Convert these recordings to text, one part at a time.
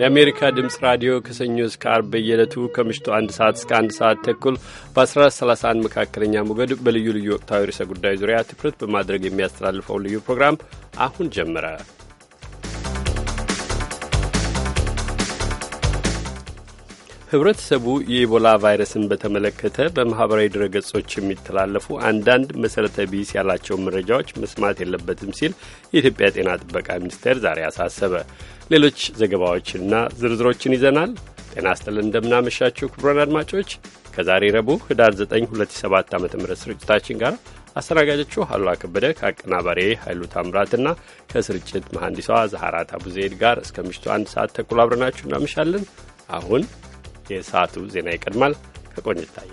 የአሜሪካ ድምፅ ራዲዮ ከሰኞ እስከ አርብ በየዕለቱ ከምሽቱ አንድ ሰዓት እስከ አንድ ሰዓት ተኩል በ1431 መካከለኛ ሞገድ በልዩ ልዩ ወቅታዊ ርዕሰ ጉዳይ ዙሪያ ትኩረት በማድረግ የሚያስተላልፈው ልዩ ፕሮግራም አሁን ጀመረ። ህብረተሰቡ የኢቦላ ቫይረስን በተመለከተ በማህበራዊ ድረገጾች የሚተላለፉ አንዳንድ መሰረተ ቢስ ያላቸውን መረጃዎች መስማት የለበትም ሲል የኢትዮጵያ ጤና ጥበቃ ሚኒስቴር ዛሬ አሳሰበ። ሌሎች ዘገባዎችንና ዝርዝሮችን ይዘናል። ጤና ይስጥልን፣ እንደምናመሻችሁ ክቡራን አድማጮች ከዛሬ ረቡዕ ህዳር 9 2007 ዓ ም ስርጭታችን ጋር አስተናጋጆቹ አሉላ ከበደ ከአቀናባሪ ኃይሉ ታምራትና ከስርጭት መሐንዲሷ ዛሐራት አቡዘይድ ጋር እስከ ምሽቱ አንድ ሰዓት ተኩል አብረናችሁ እናመሻለን። አሁን የሰዓቱ ዜና ይቀድማል። ከቆንጅት ይታየ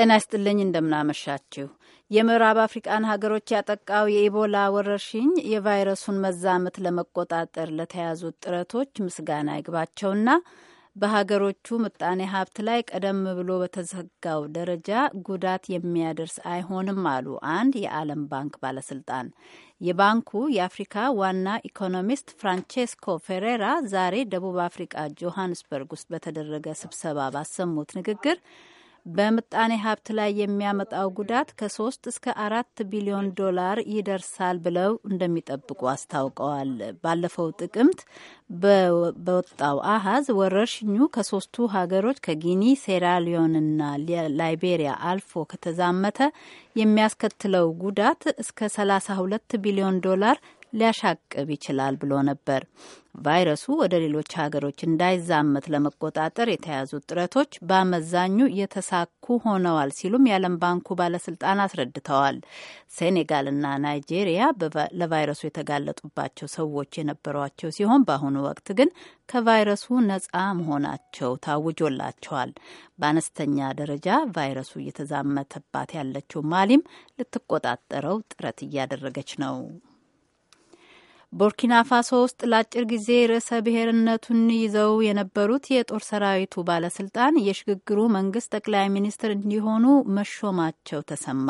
ጤና ይስጥልኝ። እንደምናመሻችሁ የምዕራብ አፍሪቃን ሀገሮች ያጠቃው የኢቦላ ወረርሽኝ የቫይረሱን መዛመት ለመቆጣጠር ለተያዙት ጥረቶች ምስጋና ይግባቸውና በሀገሮቹ ምጣኔ ሀብት ላይ ቀደም ብሎ በተዘጋው ደረጃ ጉዳት የሚያደርስ አይሆንም አሉ አንድ የዓለም ባንክ ባለስልጣን። የባንኩ የአፍሪካ ዋና ኢኮኖሚስት ፍራንቼስኮ ፌሬራ ዛሬ ደቡብ አፍሪቃ ጆሃንስበርግ ውስጥ በተደረገ ስብሰባ ባሰሙት ንግግር በምጣኔ ሀብት ላይ የሚያመጣው ጉዳት ከሶስት እስከ አራት ቢሊዮን ዶላር ይደርሳል ብለው እንደሚጠብቁ አስታውቀዋል። ባለፈው ጥቅምት በወጣው አሀዝ ወረርሽኙ ከሶስቱ ሀገሮች ከጊኒ፣ ሴራሊዮንና ላይቤሪያ አልፎ ከተዛመተ የሚያስከትለው ጉዳት እስከ ሳ ሁለት ቢሊዮን ዶላር ሊያሻቅብ ይችላል ብሎ ነበር። ቫይረሱ ወደ ሌሎች ሀገሮች እንዳይዛመት ለመቆጣጠር የተያዙት ጥረቶች በአመዛኙ የተሳኩ ሆነዋል ሲሉም የዓለም ባንኩ ባለስልጣን አስረድተዋል። ሴኔጋልና ናይጄሪያ ለቫይረሱ የተጋለጡባቸው ሰዎች የነበሯቸው ሲሆን በአሁኑ ወቅት ግን ከቫይረሱ ነጻ መሆናቸው ታውጆላቸዋል። በአነስተኛ ደረጃ ቫይረሱ እየተዛመተባት ያለችው ማሊም ልትቆጣጠረው ጥረት እያደረገች ነው። ቡርኪና ፋሶ ውስጥ ለአጭር ጊዜ ርዕሰ ብሔርነቱን ይዘው የነበሩት የጦር ሰራዊቱ ባለስልጣን የሽግግሩ መንግስት ጠቅላይ ሚኒስትር እንዲሆኑ መሾማቸው ተሰማ።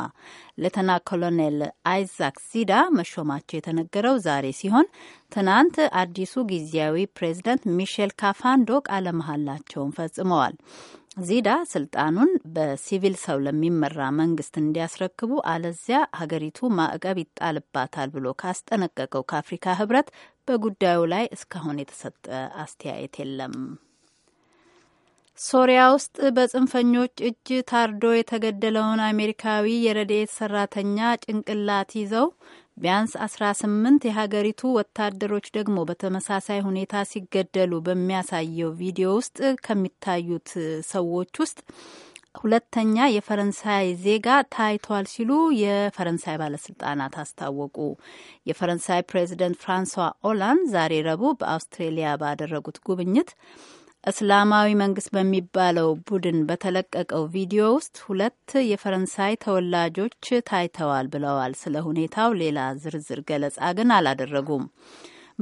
ሌተና ኮሎኔል አይዛክ ዚዳ መሾማቸው የተነገረው ዛሬ ሲሆን ትናንት አዲሱ ጊዜያዊ ፕሬዝደንት ሚሼል ካፋንዶ ቃለ መሐላቸውን ፈጽመዋል። ዚዳ ስልጣኑን በሲቪል ሰው ለሚመራ መንግስት እንዲያስረክቡ አለዚያ ሀገሪቱ ማዕቀብ ይጣልባታል ብሎ ካስጠነቀቀው ከአፍሪካ ህብረት በጉዳዩ ላይ እስካሁን የተሰጠ አስተያየት የለም። ሶሪያ ውስጥ በጽንፈኞች እጅ ታርዶ የተገደለውን አሜሪካዊ የረድኤት ሰራተኛ ጭንቅላት ይዘው ቢያንስ 18 የሀገሪቱ ወታደሮች ደግሞ በተመሳሳይ ሁኔታ ሲገደሉ በሚያሳየው ቪዲዮ ውስጥ ከሚታዩት ሰዎች ውስጥ ሁለተኛ የፈረንሳይ ዜጋ ታይቷል ሲሉ የፈረንሳይ ባለስልጣናት አስታወቁ። የፈረንሳይ ፕሬዚደንት ፍራንሷ ኦላንድ ዛሬ ረቡዕ በአውስትሬሊያ ባደረጉት ጉብኝት እስላማዊ መንግስት በሚባለው ቡድን በተለቀቀው ቪዲዮ ውስጥ ሁለት የፈረንሳይ ተወላጆች ታይተዋል ብለዋል። ስለ ሁኔታው ሌላ ዝርዝር ገለጻ ግን አላደረጉም።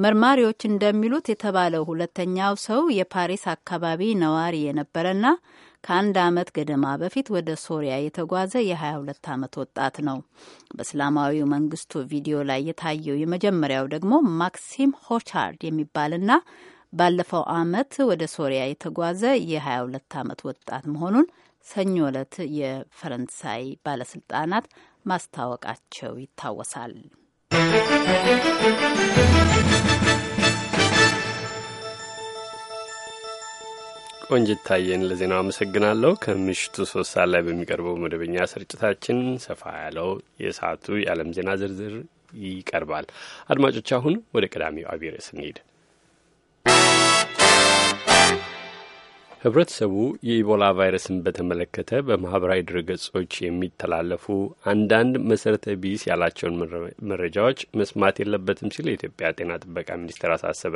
መርማሪዎች እንደሚሉት የተባለው ሁለተኛው ሰው የፓሪስ አካባቢ ነዋሪ የነበረና ከአንድ ዓመት ገደማ በፊት ወደ ሶሪያ የተጓዘ የ22 ዓመት ወጣት ነው። በእስላማዊው መንግስቱ ቪዲዮ ላይ የታየው የመጀመሪያው ደግሞ ማክሲም ሆቻርድ የሚባልና ባለፈው አመት ወደ ሶሪያ የተጓዘ የ22 ዓመት ወጣት መሆኑን ሰኞ ዕለት የፈረንሳይ ባለስልጣናት ማስታወቃቸው ይታወሳል። ቆንጅታየን ታየን ለዜናው አመሰግናለሁ። ከምሽቱ ሶስት ሰዓት ላይ በሚቀርበው መደበኛ ስርጭታችን ሰፋ ያለው የሰዓቱ የዓለም ዜና ዝርዝር ይቀርባል። አድማጮች፣ አሁን ወደ ቀዳሚው አብይ ርዕስ እንሂድ። ህብረተሰቡ የኢቦላ ቫይረስን በተመለከተ በማህበራዊ ድረገጾች የሚተላለፉ አንዳንድ መሰረተ ቢስ ያላቸውን መረጃዎች መስማት የለበትም ሲል የኢትዮጵያ ጤና ጥበቃ ሚኒስቴር አሳሰበ።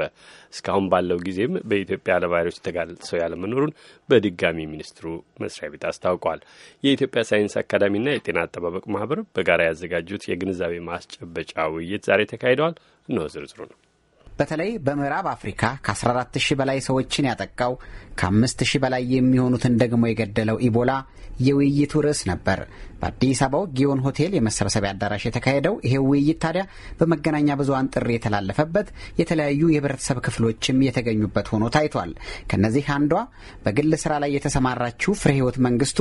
እስካሁን ባለው ጊዜም በኢትዮጵያ ለቫይረሱ የተጋለጠ ሰው ያለመኖሩን በድጋሚ ሚኒስትሩ መስሪያ ቤት አስታውቋል። የኢትዮጵያ ሳይንስ አካዳሚና የጤና አጠባበቅ ማህበር በጋራ ያዘጋጁት የግንዛቤ ማስጨበጫ ውይይት ዛሬ ተካሂደዋል። እነሆ ዝርዝሩ ነው። በተለይ በምዕራብ አፍሪካ ከ14ሺ በላይ ሰዎችን ያጠቃው ከ 5000 በላይ የሚሆኑትን ደግሞ የገደለው ኢቦላ የውይይቱ ርዕስ ነበር። በአዲስ አበባው ጊዮን ሆቴል የመሰብሰቢያ አዳራሽ የተካሄደው ይሄ ውይይት ታዲያ በመገናኛ ብዙኃን ጥሪ የተላለፈበት፣ የተለያዩ የህብረተሰብ ክፍሎችም የተገኙበት ሆኖ ታይቷል። ከእነዚህ አንዷ በግል ስራ ላይ የተሰማራችው ፍሬ ህይወት መንግስቱ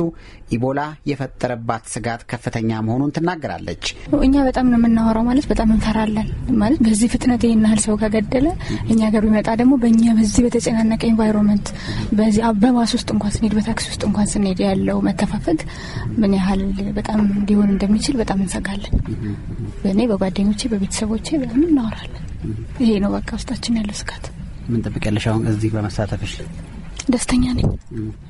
ኢቦላ የፈጠረባት ስጋት ከፍተኛ መሆኑን ትናገራለች። እኛ በጣም ነው የምናወራው፣ ማለት በጣም እንፈራለን ማለት በዚህ ፍጥነት ይህን ያህል ሰው ከገደለ እኛ ገር ቢመጣ ደግሞ በእኛ በዚህ በተጨናነቀ ኤንቫይሮንመንት በዚህ በባስ ውስጥ እንኳን ስንሄድ በታክሲ ውስጥ እንኳን ስንሄድ ያለው መተፋፈግ ምን ያህል በጣም ሊሆን እንደሚችል በጣም እንሰጋለን። በእኔ በጓደኞቼ በቤተሰቦቼ በጣም እናወራለን። ይሄ ነው በቃ ውስጣችን ያለው ስጋት። ምን ጠብቂያለሽ አሁን እዚህ በመሳተፍሽ? ደስተኛ ነኝ።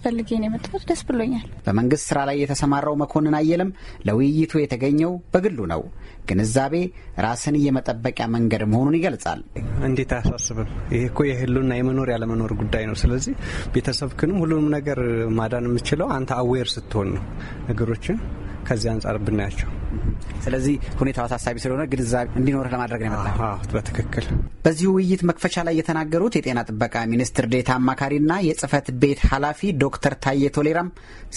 ፈልጌ ነው የመጣሁት። ደስ ብሎኛል። በመንግስት ስራ ላይ የተሰማራው መኮንን አየለም ለውይይቱ የተገኘው በግሉ ነው። ግንዛቤ ራስን የመጠበቂያ መንገድ መሆኑን ይገልጻል። እንዴት አያሳስብም? ይህ እኮ የህሉና የመኖር ያለመኖር ጉዳይ ነው። ስለዚህ ቤተሰብክንም ሁሉንም ነገር ማዳን የምችለው አንተ አዌር ስትሆን ነው ነገሮችን ከዚህ አንጻር ብናያቸው። ስለዚህ ሁኔታው አሳሳቢ ስለሆነ ግንዛቤ እንዲኖር ለማድረግ ነው የመጣ። በትክክል በዚህ ውይይት መክፈቻ ላይ የተናገሩት የጤና ጥበቃ ሚኒስትር ዴታ አማካሪና የጽህፈት ቤት ኃላፊ ዶክተር ታዬ ቶሌራም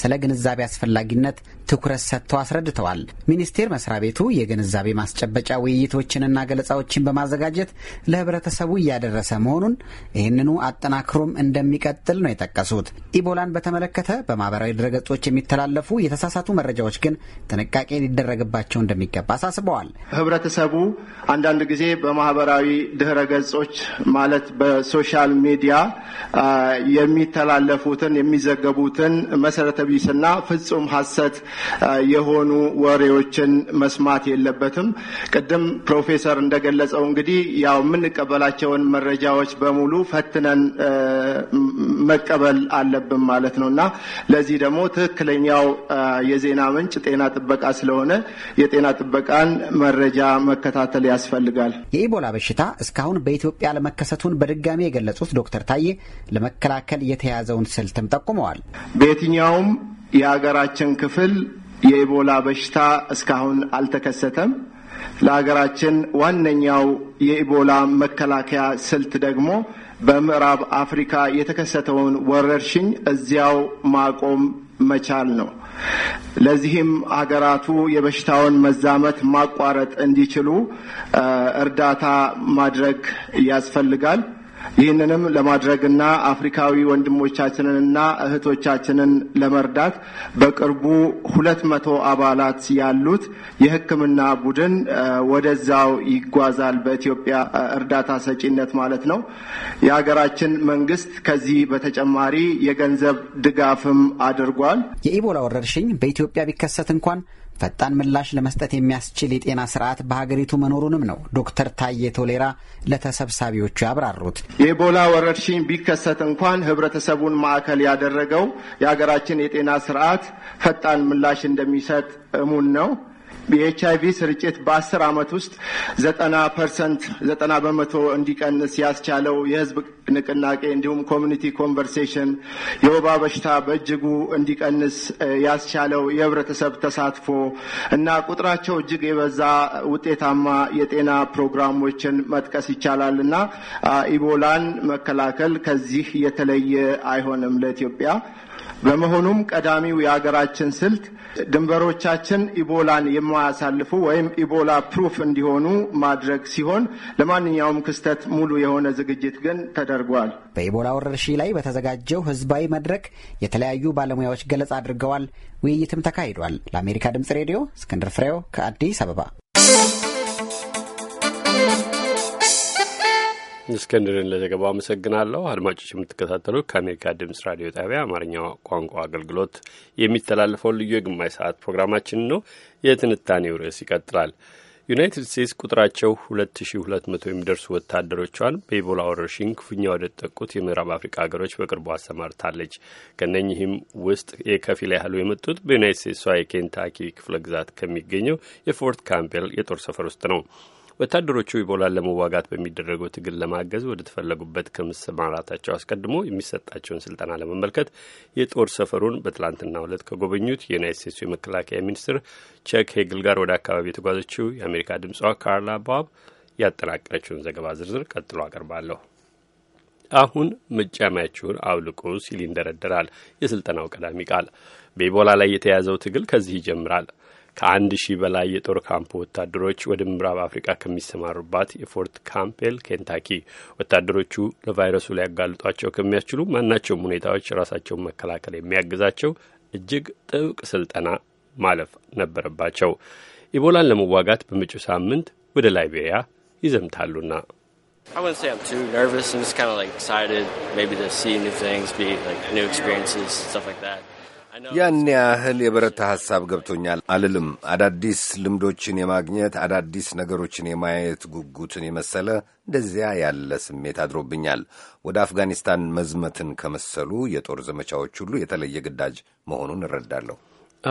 ስለ ግንዛቤ አስፈላጊነት ትኩረት ሰጥተው አስረድተዋል። ሚኒስቴር መስሪያ ቤቱ የግንዛቤ ማስጨበጫ ውይይቶችንና ገለጻዎችን በማዘጋጀት ለህብረተሰቡ እያደረሰ መሆኑን ይህንኑ አጠናክሮም እንደሚቀጥል ነው የጠቀሱት። ኢቦላን በተመለከተ በማህበራዊ ድረገጾች የሚተላለፉ የተሳሳቱ መረጃዎች ግን ግን ጥንቃቄ ሊደረግባቸው እንደሚገባ አሳስበዋል። ህብረተሰቡ አንዳንድ ጊዜ በማህበራዊ ድህረ ገጾች ማለት በሶሻል ሚዲያ የሚተላለፉትን የሚዘገቡትን መሰረተ ቢስና ፍጹም ሀሰት የሆኑ ወሬዎችን መስማት የለበትም። ቅድም ፕሮፌሰር እንደገለጸው እንግዲህ ያው የምንቀበላቸውን መረጃዎች በሙሉ ፈትነን መቀበል አለብን ማለት ነው እና ለዚህ ደግሞ ትክክለኛው የዜና ምንጭ ጤና ጥበቃ ስለሆነ የጤና ጥበቃን መረጃ መከታተል ያስፈልጋል። የኢቦላ በሽታ እስካሁን በኢትዮጵያ ለመከሰቱን በድጋሚ የገለጹት ዶክተር ታዬ ለመከላከል የተያዘውን ስልትም ጠቁመዋል። በየትኛውም የሀገራችን ክፍል የኢቦላ በሽታ እስካሁን አልተከሰተም። ለሀገራችን ዋነኛው የኢቦላ መከላከያ ስልት ደግሞ በምዕራብ አፍሪካ የተከሰተውን ወረርሽኝ እዚያው ማቆም መቻል ነው። ለዚህም ሀገራቱ የበሽታውን መዛመት ማቋረጥ እንዲችሉ እርዳታ ማድረግ ያስፈልጋል። ይህንንም ለማድረግና አፍሪካዊ ወንድሞቻችንንና እህቶቻችንን ለመርዳት በቅርቡ ሁለት መቶ አባላት ያሉት የሕክምና ቡድን ወደዛው ይጓዛል። በኢትዮጵያ እርዳታ ሰጪነት ማለት ነው። የሀገራችን መንግስት ከዚህ በተጨማሪ የገንዘብ ድጋፍም አድርጓል። የኢቦላ ወረርሽኝ በኢትዮጵያ ቢከሰት እንኳን ፈጣን ምላሽ ለመስጠት የሚያስችል የጤና ስርዓት በሀገሪቱ መኖሩንም ነው ዶክተር ታዬ ቶሌራ ለተሰብሳቢዎቹ ያብራሩት። የኢቦላ ወረርሽኝ ቢከሰት እንኳን ህብረተሰቡን ማዕከል ያደረገው የሀገራችን የጤና ስርዓት ፈጣን ምላሽ እንደሚሰጥ እሙን ነው። የኤች አይቪ ስርጭት በአስር ዓመት ውስጥ ዘጠና ፐርሰንት ዘጠና በመቶ እንዲቀንስ ያስቻለው የህዝብ ንቅናቄ እንዲሁም ኮሚኒቲ ኮንቨርሴሽን የወባ በሽታ በእጅጉ እንዲቀንስ ያስቻለው የህብረተሰብ ተሳትፎ እና ቁጥራቸው እጅግ የበዛ ውጤታማ የጤና ፕሮግራሞችን መጥቀስ ይቻላል እና ኢቦላን መከላከል ከዚህ የተለየ አይሆንም ለኢትዮጵያ። በመሆኑም ቀዳሚው የሀገራችን ስልት ድንበሮቻችን ኢቦላን የማያሳልፉ ወይም ኢቦላ ፕሩፍ እንዲሆኑ ማድረግ ሲሆን ለማንኛውም ክስተት ሙሉ የሆነ ዝግጅት ግን ተደርጓል። በኢቦላ ወረርሽኝ ላይ በተዘጋጀው ህዝባዊ መድረክ የተለያዩ ባለሙያዎች ገለጻ አድርገዋል። ውይይትም ተካሂዷል። ለአሜሪካ ድምጽ ሬዲዮ እስክንድር ፍሬው ከአዲስ አበባ እስከንድርን ለዘገባው አመሰግናለሁ። አድማጮች የምትከታተሉት ከአሜሪካ ድምጽ ራዲዮ ጣቢያ አማርኛ ቋንቋ አገልግሎት የሚተላለፈውን ልዩ የግማሽ ሰዓት ፕሮግራማችን ነው። የትንታኔው ርዕስ ይቀጥላል። ዩናይትድ ስቴትስ ቁጥራቸው 2200 የሚደርሱ ወታደሮቿን በኢቦላ ወረርሽኝ ክፉኛ ወደ ተጠቁት የምዕራብ አፍሪካ ሀገሮች በቅርቡ አሰማርታለች። ከእነኚህም ውስጥ የከፊል ያህሉ የመጡት በዩናይትድ ስቴትሷ የኬንታኪ ክፍለ ግዛት ከሚገኘው የፎርት ካምፔል የጦር ሰፈር ውስጥ ነው። ወታደሮቹ ኢቦላን ለመዋጋት በሚደረገው ትግል ለማገዝ ወደ ተፈለጉበት ከመሰማራታቸው አስቀድሞ የሚሰጣቸውን ስልጠና ለመመልከት የጦር ሰፈሩን በትላንትናው ዕለት ከጎበኙት የዩናይት ስቴትሱ የመከላከያ ሚኒስትር ቸክ ሄግል ጋር ወደ አካባቢ የተጓዘችው የአሜሪካ ድምጿ ካርላ ባብ ያጠናቀረችውን ዘገባ ዝርዝር ቀጥሎ አቀርባለሁ። አሁን መጫሚያችሁን አውልቁ ሲል ይንደረደራል የስልጠናው ቀዳሚ ቃል። በኢቦላ ላይ የተያዘው ትግል ከዚህ ይጀምራል። ከአንድ ሺህ በላይ የጦር ካምፕ ወታደሮች ወደ ምዕራብ አፍሪቃ ከሚሰማሩባት የፎርት ካምፔል ኬንታኪ ወታደሮቹ ለቫይረሱ ሊያጋልጧቸው ከሚያስችሉ ማናቸውም ሁኔታዎች ራሳቸውን መከላከል የሚያግዛቸው እጅግ ጥብቅ ስልጠና ማለፍ ነበረባቸው። ኢቦላን ለመዋጋት በመጪው ሳምንት ወደ ላይቤሪያ ይዘምታሉና ያን ያህል የበረታ ሐሳብ ገብቶኛል አልልም። አዳዲስ ልምዶችን የማግኘት አዳዲስ ነገሮችን የማየት ጉጉትን የመሰለ እንደዚያ ያለ ስሜት አድሮብኛል። ወደ አፍጋኒስታን መዝመትን ከመሰሉ የጦር ዘመቻዎች ሁሉ የተለየ ግዳጅ መሆኑን እረዳለሁ።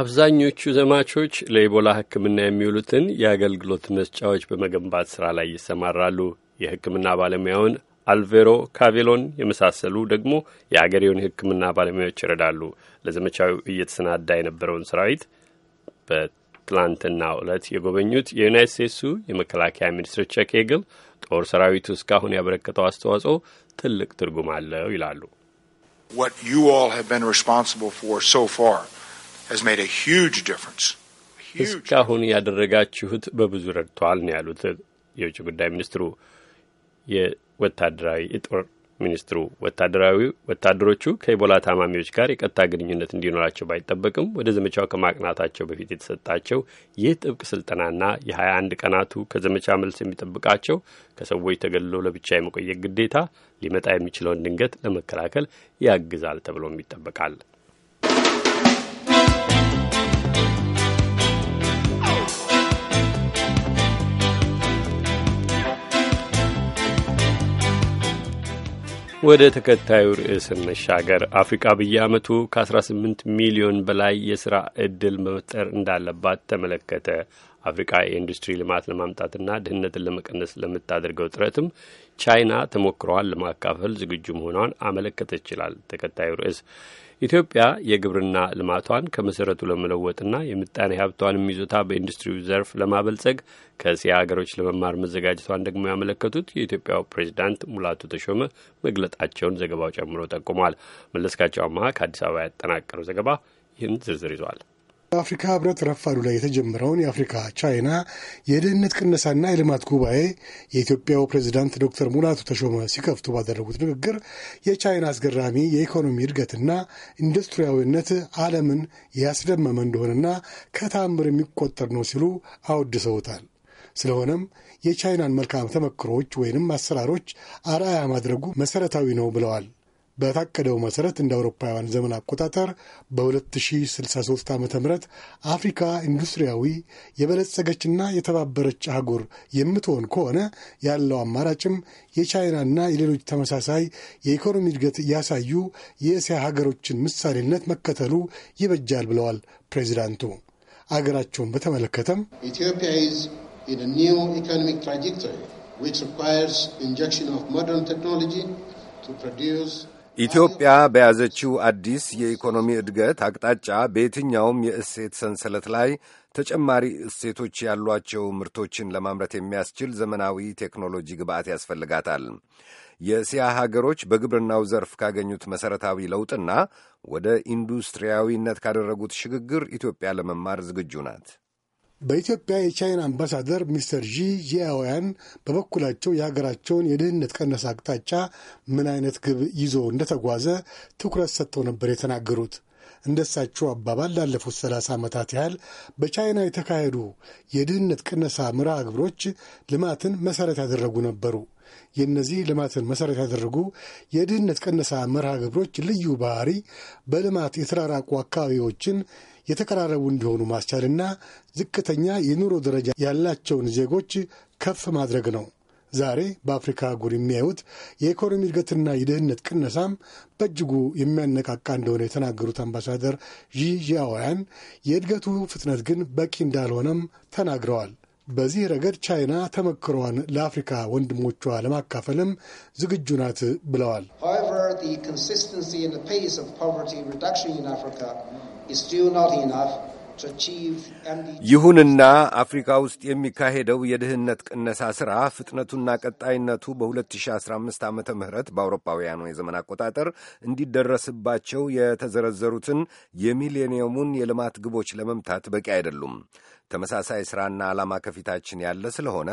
አብዛኞቹ ዘማቾች ለኢቦላ ሕክምና የሚውሉትን የአገልግሎት መስጫዎች በመገንባት ሥራ ላይ ይሰማራሉ። የሕክምና ባለሙያውን አልቬሮ ካቬሎን የመሳሰሉ ደግሞ የአገሬውን የሕክምና ባለሙያዎች ይረዳሉ። ለዘመቻው እየተሰናዳ የነበረውን ሰራዊት በትላንትናው ዕለት የጎበኙት የዩናይት ስቴትሱ የመከላከያ ሚኒስትር ቸክ ሄግል ጦር ሰራዊቱ እስካሁን ያበረከተው አስተዋጽኦ ትልቅ ትርጉም አለው ይላሉ። እስካሁን ያደረጋችሁት በብዙ ረድቷል ነው ያሉት የውጭ ጉዳይ ሚኒስትሩ። የወታደራዊ የጦር ሚኒስትሩ ወታደራዊ ወታደሮቹ ከኢቦላ ታማሚዎች ጋር የቀጥታ ግንኙነት እንዲኖራቸው ባይጠበቅም ወደ ዘመቻው ከማቅናታቸው በፊት የተሰጣቸው ይህ ጥብቅ ስልጠናና የ21 ቀናቱ ከዘመቻ መልስ የሚጠብቃቸው ከሰዎች ተገልሎ ለብቻ የመቆየት ግዴታ ሊመጣ የሚችለውን ድንገት ለመከላከል ያግዛል ተብሎም ይጠበቃል። ወደ ተከታዩ ርዕስ እንሻገር። አፍሪቃ በየዓመቱ ከ18 ሚሊዮን በላይ የሥራ ዕድል መፍጠር እንዳለባት ተመለከተ። አፍሪቃ የኢንዱስትሪ ልማት ለማምጣትና ድህነትን ለመቀነስ ለምታደርገው ጥረትም ቻይና ተሞክሯዋን ለማካፈል ዝግጁ መሆኗን አመለከተች ይላል ተከታዩ ርዕስ። ኢትዮጵያ የግብርና ልማቷን ከመሰረቱ ለመለወጥና የምጣኔ ሀብቷንም ይዞታ በኢንዱስትሪው ዘርፍ ለማበልጸግ ከእስያ ሀገሮች ለመማር መዘጋጀቷን ደግሞ ያመለከቱት የኢትዮጵያው ፕሬዚዳንት ሙላቱ ተሾመ መግለጣቸውን ዘገባው ጨምሮ ጠቁሟል። መለስካቸው አመሀ ከአዲስ አበባ ያጠናቀረው ዘገባ ይህን ዝርዝር ይዟል። በአፍሪካ ህብረት ረፋዱ ላይ የተጀመረውን የአፍሪካ ቻይና የደህንነት ቅነሳና የልማት ጉባኤ የኢትዮጵያው ፕሬዚዳንት ዶክተር ሙላቱ ተሾመ ሲከፍቱ ባደረጉት ንግግር የቻይና አስገራሚ የኢኮኖሚ እድገትና ኢንዱስትሪያዊነት ዓለምን ያስደመመ እንደሆነና ከታምር የሚቆጠር ነው ሲሉ አወድሰውታል። ስለሆነም የቻይናን መልካም ተመክሮዎች ወይንም አሰራሮች አርአያ ማድረጉ መሰረታዊ ነው ብለዋል። በታቀደው መሰረት እንደ አውሮፓውያን ዘመን አቆጣጠር በ2063 ዓ ም አፍሪካ ኢንዱስትሪያዊ የበለጸገችና የተባበረች አህጉር የምትሆን ከሆነ ያለው አማራጭም የቻይናና የሌሎች ተመሳሳይ የኢኮኖሚ እድገት ያሳዩ የእስያ ሀገሮችን ምሳሌነት መከተሉ ይበጃል ብለዋል ፕሬዚዳንቱ። አገራቸውን በተመለከተም ኢትዮጵያ ኒው ኢኮኖሚክ ትራጀክቶሪ ዊች ሪኳየርስ ኢንጀክሽን ኦፍ ሞደርን ቴክኖሎጂ to produce ኢትዮጵያ በያዘችው አዲስ የኢኮኖሚ እድገት አቅጣጫ በየትኛውም የእሴት ሰንሰለት ላይ ተጨማሪ እሴቶች ያሏቸው ምርቶችን ለማምረት የሚያስችል ዘመናዊ ቴክኖሎጂ ግብዓት ያስፈልጋታል። የእስያ ሀገሮች በግብርናው ዘርፍ ካገኙት መሠረታዊ ለውጥና ወደ ኢንዱስትሪያዊነት ካደረጉት ሽግግር ኢትዮጵያ ለመማር ዝግጁ ናት። በኢትዮጵያ የቻይና አምባሳደር ሚስተር ዢ ጂያውያን በበኩላቸው የሀገራቸውን የድህነት ቀነሳ አቅጣጫ ምን አይነት ግብ ይዞ እንደተጓዘ ትኩረት ሰጥተው ነበር የተናገሩት። እንደሳቸው አባባል ላለፉት ሰላሳ ዓመታት ያህል በቻይና የተካሄዱ የድህነት ቅነሳ መርሃ ግብሮች ልማትን መሠረት ያደረጉ ነበሩ። የእነዚህ ልማትን መሠረት ያደረጉ የድህነት ቅነሳ መርሃ ግብሮች ልዩ ባህሪ በልማት የተራራቁ አካባቢዎችን የተቀራረቡ እንዲሆኑ ማስቻልና ዝቅተኛ የኑሮ ደረጃ ያላቸውን ዜጎች ከፍ ማድረግ ነው። ዛሬ በአፍሪካ አህጉር የሚያዩት የኢኮኖሚ እድገትና የድህነት ቅነሳም በእጅጉ የሚያነቃቃ እንደሆነ የተናገሩት አምባሳደር ዢ የእድገቱ ፍጥነት ግን በቂ እንዳልሆነም ተናግረዋል። በዚህ ረገድ ቻይና ተመክሯን ለአፍሪካ ወንድሞቿ ለማካፈልም ዝግጁ ናት ብለዋል። ይሁንና አፍሪካ ውስጥ የሚካሄደው የድህነት ቅነሳ ሥራ ፍጥነቱና ቀጣይነቱ በ2015 ዓመተ ምህረት በአውሮፓውያኑ የዘመን አቆጣጠር እንዲደረስባቸው የተዘረዘሩትን የሚሌኒየሙን የልማት ግቦች ለመምታት በቂ አይደሉም። ተመሳሳይ ሥራና ዓላማ ከፊታችን ያለ ስለሆነ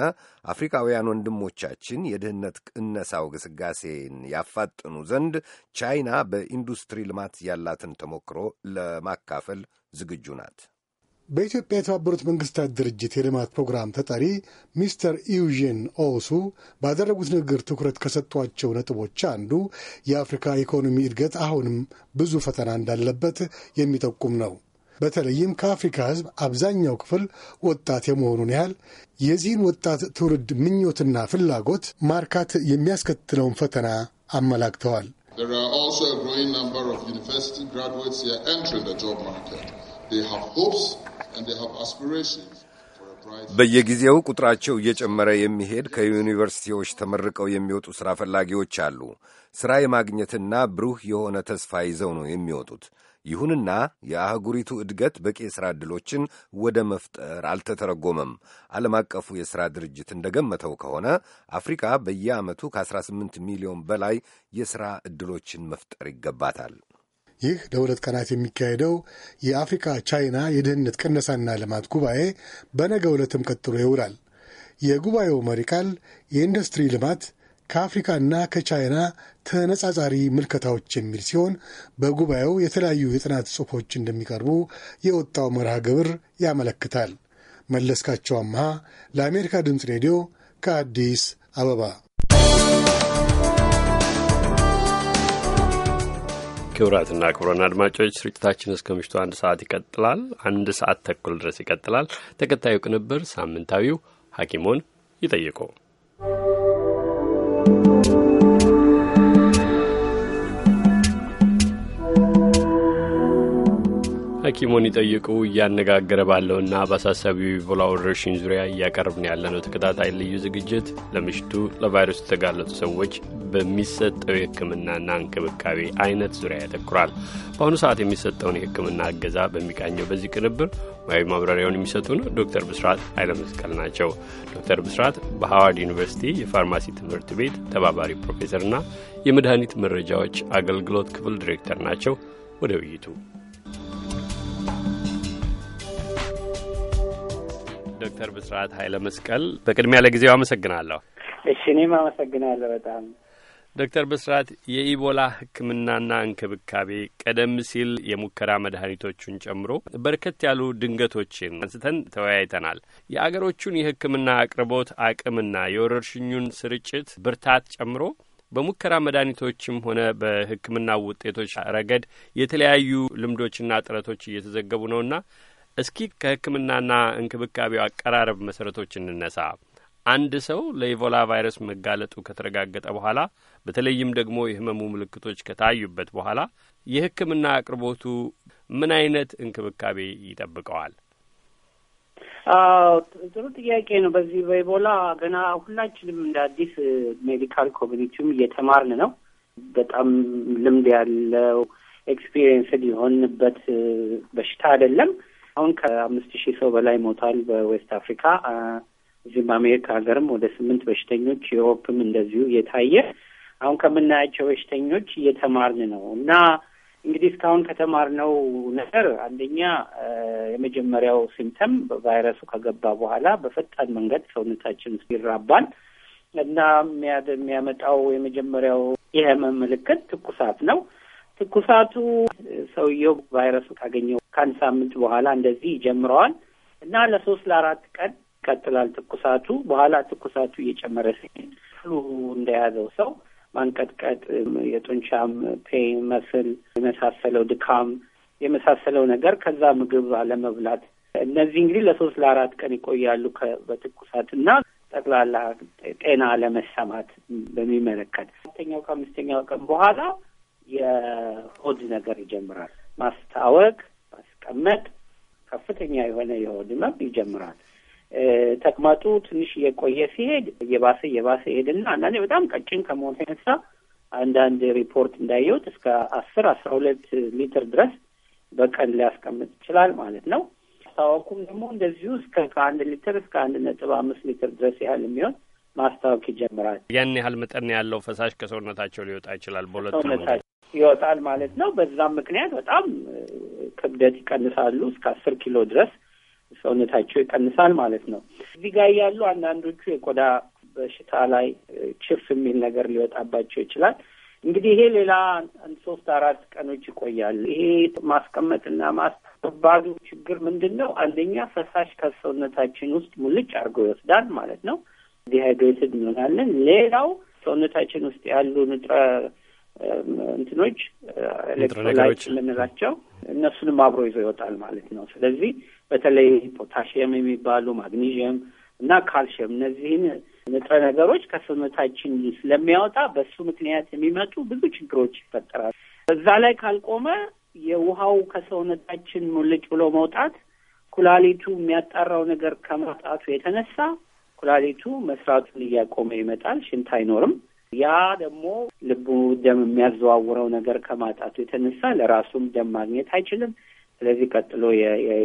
አፍሪካውያን ወንድሞቻችን የድህነት ቅነሳው ግስጋሴን ያፋጥኑ ዘንድ ቻይና በኢንዱስትሪ ልማት ያላትን ተሞክሮ ለማካፈል ዝግጁ ናት። በኢትዮጵያ የተባበሩት መንግስታት ድርጅት የልማት ፕሮግራም ተጠሪ ሚስተር ኢዩዥን ኦሱ ባደረጉት ንግግር ትኩረት ከሰጧቸው ነጥቦች አንዱ የአፍሪካ ኢኮኖሚ እድገት አሁንም ብዙ ፈተና እንዳለበት የሚጠቁም ነው። በተለይም ከአፍሪካ ሕዝብ አብዛኛው ክፍል ወጣት የመሆኑን ያህል የዚህን ወጣት ትውልድ ምኞትና ፍላጎት ማርካት የሚያስከትለውን ፈተና አመላክተዋል። በየጊዜው ቁጥራቸው እየጨመረ የሚሄድ ከዩኒቨርሲቲዎች ተመርቀው የሚወጡ ሥራ ፈላጊዎች አሉ። ሥራ የማግኘትና ብሩህ የሆነ ተስፋ ይዘው ነው የሚወጡት። ይሁንና የአህጉሪቱ እድገት በቂ የሥራ ዕድሎችን ወደ መፍጠር አልተተረጎመም። ዓለም አቀፉ የሥራ ድርጅት እንደገመተው ከሆነ አፍሪካ በየዓመቱ ከ18 ሚሊዮን በላይ የሥራ ዕድሎችን መፍጠር ይገባታል። ይህ ለሁለት ቀናት የሚካሄደው የአፍሪካ ቻይና የድህነት ቅነሳና ልማት ጉባኤ በነገ ዕለትም ቀጥሎ ይውላል። የጉባኤው መሪ ቃል የኢንዱስትሪ ልማት ከአፍሪካና ከቻይና ተነጻጻሪ ምልከታዎች የሚል ሲሆን በጉባኤው የተለያዩ የጥናት ጽሑፎች እንደሚቀርቡ የወጣው መርሃ ግብር ያመለክታል። መለስካቸው አምሃ ለአሜሪካ ድምፅ ሬዲዮ ከአዲስ አበባ። ክቡራትና ክቡራን አድማጮች ስርጭታችን እስከ ምሽቱ አንድ ሰዓት ይቀጥላል። አንድ ሰዓት ተኩል ድረስ ይቀጥላል። ተከታዩ ቅንብር ሳምንታዊው ሐኪሞን ይጠይቁ ሐኪሙን ይጠይቁ እያነጋገረ ባለውና በአሳሳቢው ኢቦላ ወረርሽኝ ዙሪያ እያቀርብን ያለነው ተከታታይ ልዩ ዝግጅት ለምሽቱ ለቫይረሱ የተጋለጡ ሰዎች በሚሰጠው የሕክምናና እንክብካቤ አይነት ዙሪያ ያተኩራል። በአሁኑ ሰዓት የሚሰጠውን የሕክምና እገዛ በሚቃኘው በዚህ ቅንብር ሙያዊ ማብራሪያውን የሚሰጡን ዶክተር ብስራት ኃይለመስቀል ናቸው። ዶክተር ብስራት በሃዋርድ ዩኒቨርሲቲ የፋርማሲ ትምህርት ቤት ተባባሪ ፕሮፌሰርና የመድኃኒት መረጃዎች አገልግሎት ክፍል ዲሬክተር ናቸው። ወደ ውይይቱ ዶክተር ብስራት ኃይለ መስቀል በቅድሚያ ለጊዜው አመሰግናለሁ። እሺ እኔም አመሰግናለሁ በጣም ዶክተር ብስራት የኢቦላ ሕክምናና እንክብካቤ ቀደም ሲል የሙከራ መድኃኒቶቹን ጨምሮ በርከት ያሉ ድንገቶችን አንስተን ተወያይተናል። የአገሮቹን የሕክምና አቅርቦት አቅምና የወረርሽኙን ስርጭት ብርታት ጨምሮ በሙከራ መድኃኒቶችም ሆነ በሕክምና ውጤቶች ረገድ የተለያዩ ልምዶችና ጥረቶች እየተዘገቡ ነውና እስኪ ከሕክምናና እንክብካቤው አቀራረብ መሰረቶች እንነሳ። አንድ ሰው ለኢቦላ ቫይረስ መጋለጡ ከተረጋገጠ በኋላ በተለይም ደግሞ የህመሙ ምልክቶች ከታዩበት በኋላ የህክምና አቅርቦቱ ምን አይነት እንክብካቤ ይጠብቀዋል? ጥሩ ጥያቄ ነው። በዚህ በኢቦላ ገና ሁላችንም እንደ አዲስ ሜዲካል ኮሚኒቲውም እየተማርን ነው። በጣም ልምድ ያለው ኤክስፒሪየንስ ሊሆንበት በሽታ አይደለም። አሁን ከአምስት ሺህ ሰው በላይ ሞቷል በዌስት አፍሪካ። እዚህም በአሜሪካ ሀገርም ወደ ስምንት በሽተኞች ዩሮፕም እንደዚሁ እየታየ አሁን ከምናያቸው በሽተኞች እየተማርን ነው እና እንግዲህ እስካሁን ከተማርነው ነገር አንደኛ የመጀመሪያው ሲምተም ቫይረሱ ከገባ በኋላ በፈጣን መንገድ ሰውነታችን ይራባል እና የሚያመጣው የመጀመሪያው የህመም ምልክት ትኩሳት ነው። ትኩሳቱ ሰውየው ቫይረሱ ካገኘው ከአንድ ሳምንት በኋላ እንደዚህ ይጀምረዋል እና ለሶስት ለአራት ቀን ይቀጥላል ትኩሳቱ። በኋላ ትኩሳቱ እየጨመረ ሲሄድ ፍሉ እንደያዘው ሰው ማንቀጥቀጥ፣ የጡንቻም ፔን፣ መስል የመሳሰለው ድካም የመሳሰለው ነገር ከዛ ምግብ አለመብላት እነዚህ እንግዲህ ለሶስት ለአራት ቀን ይቆያሉ። በትኩሳት እና ጠቅላላ ጤና አለመሰማት በሚመለከት አራተኛው ከአምስተኛው ቀን በኋላ የሆድ ነገር ይጀምራል። ማስታወቅ፣ ሲቀመጥ ከፍተኛ የሆነ የሆድ ህመም ይጀምራል። ተቅማጡ ትንሽ እየቆየ ሲሄድ እየባሰ እየባሰ ሄድና አንዳንዴ በጣም ቀጭን ከመሆኑ የተነሳ አንዳንድ ሪፖርት እንዳየሁት እስከ አስር አስራ ሁለት ሊትር ድረስ በቀን ሊያስቀምጥ ይችላል ማለት ነው። ማስታወኩም ደግሞ እንደዚሁ እስከ ከአንድ ሊትር እስከ አንድ ነጥብ አምስት ሊትር ድረስ ያህል የሚሆን ማስታወክ ይጀምራል። ያን ያህል መጠን ያለው ፈሳሽ ከሰውነታቸው ሊወጣ ይችላል በሁለቱ ይወጣል ማለት ነው። በዛም ምክንያት በጣም ክብደት ይቀንሳሉ። እስከ አስር ኪሎ ድረስ ሰውነታቸው ይቀንሳል ማለት ነው። እዚህ ጋር ያሉ አንዳንዶቹ የቆዳ በሽታ ላይ ችፍ የሚል ነገር ሊወጣባቸው ይችላል። እንግዲህ ይሄ ሌላ አንድ ሶስት አራት ቀኖች ይቆያል። ይሄ ማስቀመጥና ማስባዱ ችግር ምንድን ነው? አንደኛ ፈሳሽ ከሰውነታችን ውስጥ ሙልጭ አድርገው ይወስዳል ማለት ነው። ዲሃይድሬትድ እንሆናለን። ሌላው ሰውነታችን ውስጥ ያሉ ንጥረ እንትኖች ኤሌክትሮላይት የምንላቸው እነሱንም አብሮ ይዞ ይወጣል ማለት ነው። ስለዚህ በተለይ ፖታሽየም የሚባሉ ማግኒዥየም እና ካልሽየም እነዚህን ንጥረ ነገሮች ከሰውነታችን ስለሚያወጣ በሱ ምክንያት የሚመጡ ብዙ ችግሮች ይፈጠራሉ። እዛ ላይ ካልቆመ የውሃው ከሰውነታችን ሙልጭ ብሎ መውጣት ኩላሊቱ የሚያጣራው ነገር ከማጣቱ የተነሳ ኩላሊቱ መስራቱን እያቆመ ይመጣል። ሽንት አይኖርም። ያ ደግሞ ልቡ ደም የሚያዘዋውረው ነገር ከማጣቱ የተነሳ ለራሱም ደም ማግኘት አይችልም። ስለዚህ ቀጥሎ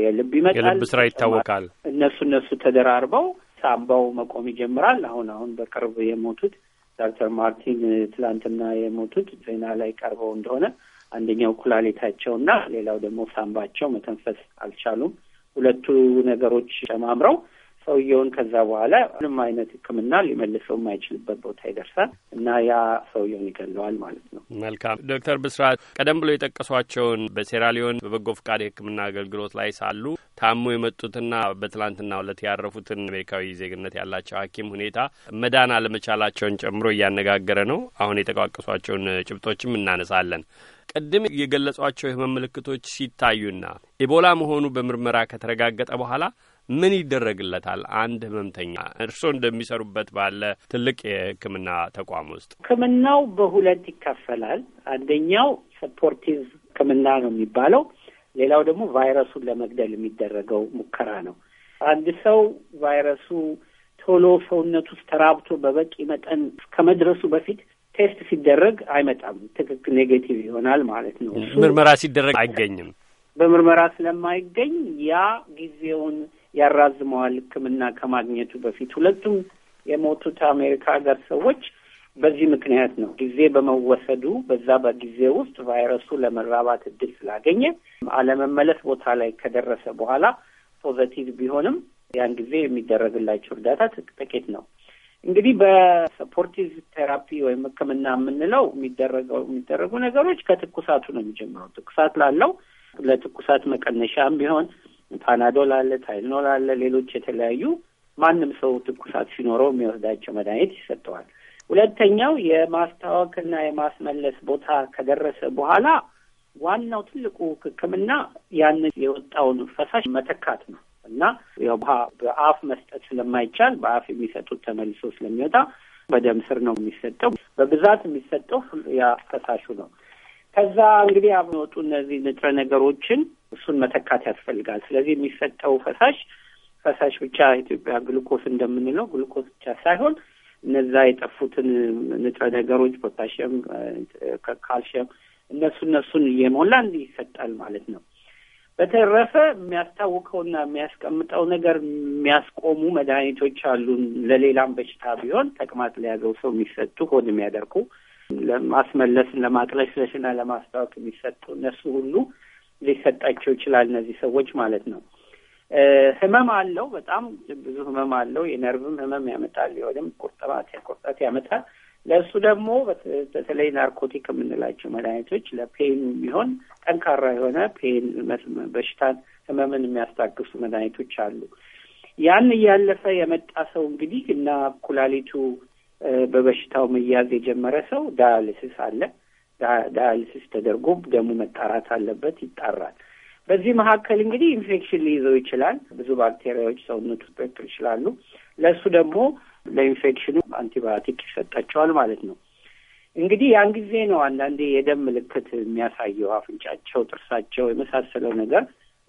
የልብ ይመጣል፣ የልብ ስራ ይታወቃል። እነሱ እነሱ ተደራርበው ሳምባው መቆም ይጀምራል። አሁን አሁን በቅርብ የሞቱት ዶክተር ማርቲን ትላንትና የሞቱት ዜና ላይ ቀርበው እንደሆነ አንደኛው ኩላሊታቸው እና ሌላው ደግሞ ሳምባቸው መተንፈስ አልቻሉም። ሁለቱ ነገሮች ጨማምረው ሰውየውን ከዛ በኋላ ምንም አይነት ሕክምና ሊመልሰው የማይችልበት ቦታ ይደርሳል እና ያ ሰውየውን ይገለዋል ማለት ነው። መልካም ዶክተር ብስራት ቀደም ብሎ የጠቀሷቸውን በሴራሊዮን በበጎ ፈቃድ የሕክምና አገልግሎት ላይ ሳሉ ታሞ የመጡትና በትላንትና ዕለት ያረፉትን አሜሪካዊ ዜግነት ያላቸው ሐኪም ሁኔታ መዳን አለመቻላቸውን ጨምሮ እያነጋገረ ነው። አሁን የተቋቀሷቸውን ጭብጦችም እናነሳለን። ቅድም የገለጿቸው የህመም ምልክቶች ሲታዩና ኢቦላ መሆኑ በምርመራ ከተረጋገጠ በኋላ ምን ይደረግለታል? አንድ ህመምተኛ እርስዎ እንደሚሰሩበት ባለ ትልቅ የህክምና ተቋም ውስጥ ህክምናው በሁለት ይከፈላል። አንደኛው ሰፖርቲቭ ህክምና ነው የሚባለው፣ ሌላው ደግሞ ቫይረሱን ለመግደል የሚደረገው ሙከራ ነው። አንድ ሰው ቫይረሱ ቶሎ ሰውነት ውስጥ ተራብቶ በበቂ መጠን ከመድረሱ በፊት ቴስት ሲደረግ አይመጣም። ትክክል ኔጌቲቭ ይሆናል ማለት ነው። ምርመራ ሲደረግ አይገኝም። በምርመራ ስለማይገኝ ያ ጊዜውን ያራዝመዋል ሕክምና ከማግኘቱ በፊት። ሁለቱም የሞቱት አሜሪካ ሀገር ሰዎች በዚህ ምክንያት ነው። ጊዜ በመወሰዱ በዛ በጊዜ ውስጥ ቫይረሱ ለመራባት እድል ስላገኘ አለመመለስ ቦታ ላይ ከደረሰ በኋላ ፖዘቲቭ ቢሆንም ያን ጊዜ የሚደረግላቸው እርዳታ ጥቂት ነው። እንግዲህ በሰፖርቲቭ ቴራፒ ወይም ህክምና የምንለው የሚደረገው የሚደረጉ ነገሮች ከትኩሳቱ ነው የሚጀምረው። ትኩሳት ላለው ለትኩሳት መቀነሻም ቢሆን ፓናዶል አለ፣ ታይልኖል አለ፣ ሌሎች የተለያዩ ማንም ሰው ትኩሳት ሲኖረው የሚወስዳቸው መድኃኒት ይሰጠዋል። ሁለተኛው የማስታወክና የማስመለስ ቦታ ከደረሰ በኋላ ዋናው ትልቁ ሕክምና ያን የወጣውን ፈሳሽ መተካት ነው እና ያው በአፍ መስጠት ስለማይቻል በአፍ የሚሰጡት ተመልሶ ስለሚወጣ በደም ስር ነው የሚሰጠው። በብዛት የሚሰጠው ያ ፈሳሹ ነው። ከዛ እንግዲህ የሚወጡ እነዚህ ንጥረ ነገሮችን እሱን መተካት ያስፈልጋል። ስለዚህ የሚሰጠው ፈሳሽ ፈሳሽ ብቻ ኢትዮጵያ ግሉኮስ እንደምንለው ግሉኮስ ብቻ ሳይሆን እነዛ የጠፉትን ንጥረ ነገሮች ፖታሽም፣ ካልሽየም እነሱ እነሱን እየሞላ እንዲህ ይሰጣል ማለት ነው። በተረፈ የሚያስታውቀውና የሚያስቀምጠው ነገር የሚያስቆሙ መድኃኒቶች አሉን። ለሌላም በሽታ ቢሆን ተቅማጥ ለያዘው ሰው የሚሰጡ ሆድ የሚያደርጉ ለማስመለስን ለማቅለሽለሽና ለማስታወቅ የሚሰጡ እነሱ ሁሉ ሊሰጣቸው ይችላል። እነዚህ ሰዎች ማለት ነው። ህመም አለው፣ በጣም ብዙ ህመም አለው። የነርቭም ህመም ያመጣል፣ የሆድም ቁርጠማት ቁርጠት ያመጣል። ለእሱ ደግሞ በተለይ ናርኮቲክ የምንላቸው መድኃኒቶች ለፔን የሚሆን ጠንካራ የሆነ ፔን በሽታን ህመምን የሚያስታግሱ መድኃኒቶች አሉ። ያን እያለፈ የመጣ ሰው እንግዲህ እና ኩላሊቱ በበሽታው መያዝ የጀመረ ሰው ዳያልሲስ አለ ዳያሊሲስ ተደርጎ ደሙ መጣራት አለበት፣ ይጣራል። በዚህ መካከል እንግዲህ ኢንፌክሽን ሊይዘው ይችላል። ብዙ ባክቴሪያዎች ሰውነቱ ሊጠጡ ይችላሉ። ለእሱ ደግሞ ለኢንፌክሽኑ አንቲባዮቲክ ይሰጣቸዋል ማለት ነው። እንግዲህ ያን ጊዜ ነው አንዳንዴ የደም ምልክት የሚያሳየው አፍንጫቸው፣ ጥርሳቸው የመሳሰለው ነገር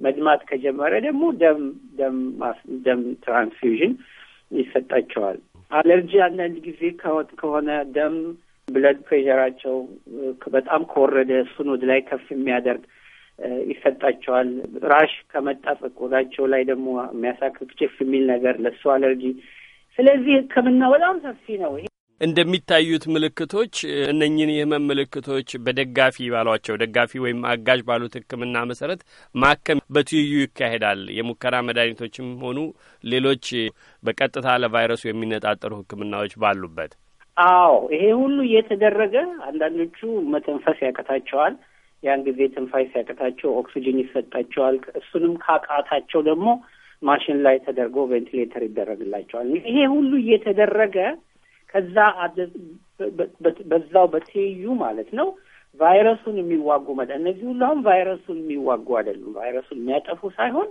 መድማት ከጀመረ ደግሞ ደም ደም ደም ትራንስፊውዥን ይሰጣቸዋል። አለርጂ አንዳንድ ጊዜ ከሆነ ደም ብለድ ፕሬሸራቸው በጣም ከወረደ እሱን ወደ ላይ ከፍ የሚያደርግ ይሰጣቸዋል። ራሽ ከመጣፈቅ ቆዳቸው ላይ ደግሞ የሚያሳክክ ጭፍ የሚል ነገር ለእሱ አለርጂ። ስለዚህ ሕክምና በጣም ሰፊ ነው። እንደሚታዩት ምልክቶች እነኝን የህመም ምልክቶች በደጋፊ ባሏቸው ደጋፊ ወይም አጋዥ ባሉት ህክምና መሰረት ማከም በትይዩ ይካሄዳል። የሙከራ መድኃኒቶችም ሆኑ ሌሎች በቀጥታ ለቫይረሱ የሚነጣጠሩ ህክምናዎች ባሉበት አዎ ይሄ ሁሉ እየተደረገ አንዳንዶቹ መተንፈስ ያቀታቸዋል። ያን ጊዜ ትንፋይ ሲያቀታቸው ኦክሲጅን ይሰጣቸዋል። እሱንም ካቃታቸው ደግሞ ማሽን ላይ ተደርጎ ቬንቲሌተር ይደረግላቸዋል። ይሄ ሁሉ እየተደረገ ከዛ በዛው በትይዩ ማለት ነው ቫይረሱን የሚዋጉ መ እነዚህ ሁሉ አሁን ቫይረሱን የሚዋጉ አይደሉም። ቫይረሱን የሚያጠፉ ሳይሆን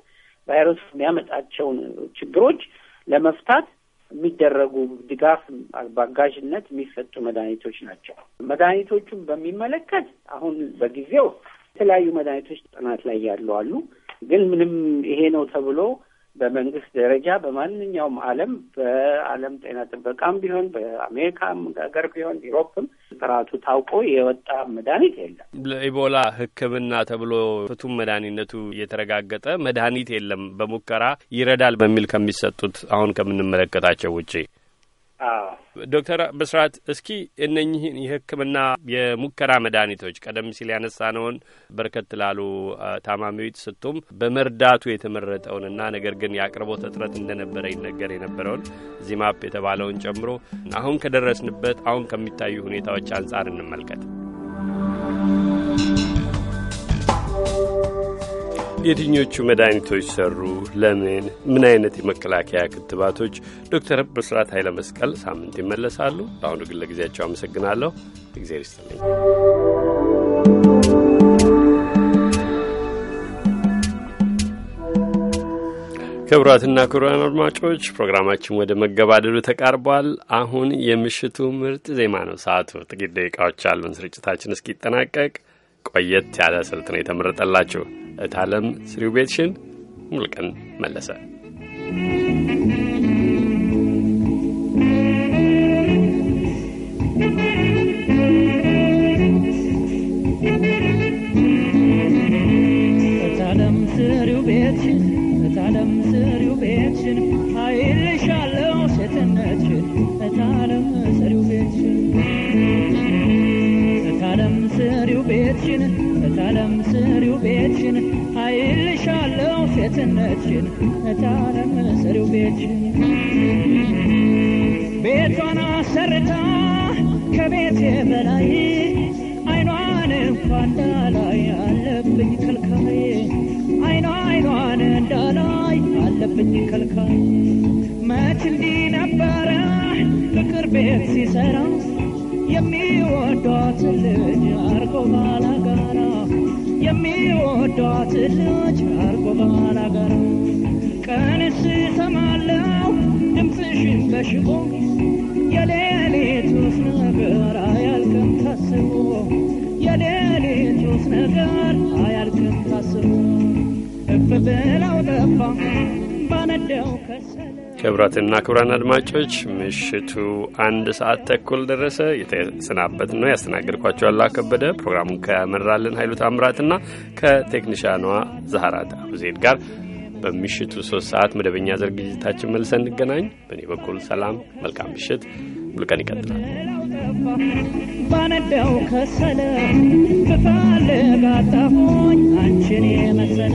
ቫይረሱ የሚያመጣቸውን ችግሮች ለመፍታት የሚደረጉ ድጋፍ በአጋዥነት የሚሰጡ መድኃኒቶች ናቸው። መድኃኒቶቹን በሚመለከት አሁን በጊዜው የተለያዩ መድኃኒቶች ጥናት ላይ ያሉ አሉ። ግን ምንም ይሄ ነው ተብሎ በመንግስት ደረጃ በማንኛውም ዓለም በዓለም ጤና ጥበቃም ቢሆን በአሜሪካም ሀገር ቢሆን ዩሮፕም ጥራቱ ታውቆ የወጣ መድኃኒት የለም። ለኢቦላ ሕክምና ተብሎ ፍቱም መድኃኒነቱ የተረጋገጠ መድኃኒት የለም። በሙከራ ይረዳል በሚል ከሚሰጡት አሁን ከምንመለከታቸው ውጪ ዶክተር ብስራት እስኪ እነኚህን የሕክምና የሙከራ መድኃኒቶች ቀደም ሲል ያነሳነውን በርከት ላሉ ታማሚዎች ስቱም በመርዳቱ የተመረጠውንና ነገር ግን የአቅርቦት እጥረት እንደነበረ ይነገር የነበረውን ዚማፕ የተባለውን ጨምሮ አሁን ከደረስንበት አሁን ከሚታዩ ሁኔታዎች አንጻር እንመልከት። የትኞቹ መድኃኒቶች ሰሩ? ለምን? ምን አይነት የመከላከያ ክትባቶች? ዶክተር ብስራት ኃይለ መስቀል ሳምንት ይመለሳሉ። ለአሁኑ ግን ለጊዜያቸው አመሰግናለሁ። እግዜር ይስጥልኝ። ክቡራትና ክቡራን አድማጮች ፕሮግራማችን ወደ መገባደዱ ተቃርቧል። አሁን የምሽቱ ምርጥ ዜማ ነው ሰዓቱ። ጥቂት ደቂቃዎች አሉን ስርጭታችን እስኪጠናቀቅ ቆየት ያለ ስልት ነው የተመረጠላችሁ። እታለም ስሪው ቤትሽን ሙልቀን መለሰ ገነትሽን እታረም ስሪው ቤትሽን ቤቷን አሰርታ ከቤት በላይ አይኗን እንኳን እንዳላይ አለብኝ ከልካይ አይኗ አይኗን እንዳላይ አለብኝ ከልካይ መች እንዲህ ነበረ ፍቅር ቤት ሲሰራ የሚወዷት ልጅ አርጎ ባላ የሚወዷት ልጅ አርጎባል አገር ቀንስ ሰማለው ድምፅሽን በሽቦ የሌሊቱስ ነገር አያልቅም ታስቦ የሌሊቱስ ነገር አያልቅም ታስቦ እፍ ብለው ጠፋ ባነደው ከሰለ ክቡራትና ክቡራን አድማጮች ምሽቱ አንድ ሰዓት ተኩል ደረሰ። የተሰናበት ነው ያስተናገድኳቸው አላ ከበደ ፕሮግራሙን ከመራልን ኃይሉ ታምራትና ከቴክኒሻኗ ዛህራት አብዜድ ጋር በምሽቱ ሶስት ሰዓት መደበኛ ዝግጅታችን መልሰን እንገናኝ። በእኔ በኩል ሰላም፣ መልካም ምሽት። ሙሉቀን ይቀጥላል። ባነዳው ከሰለ ብፈልግ አጣሁኝ አንቺን የመሰለ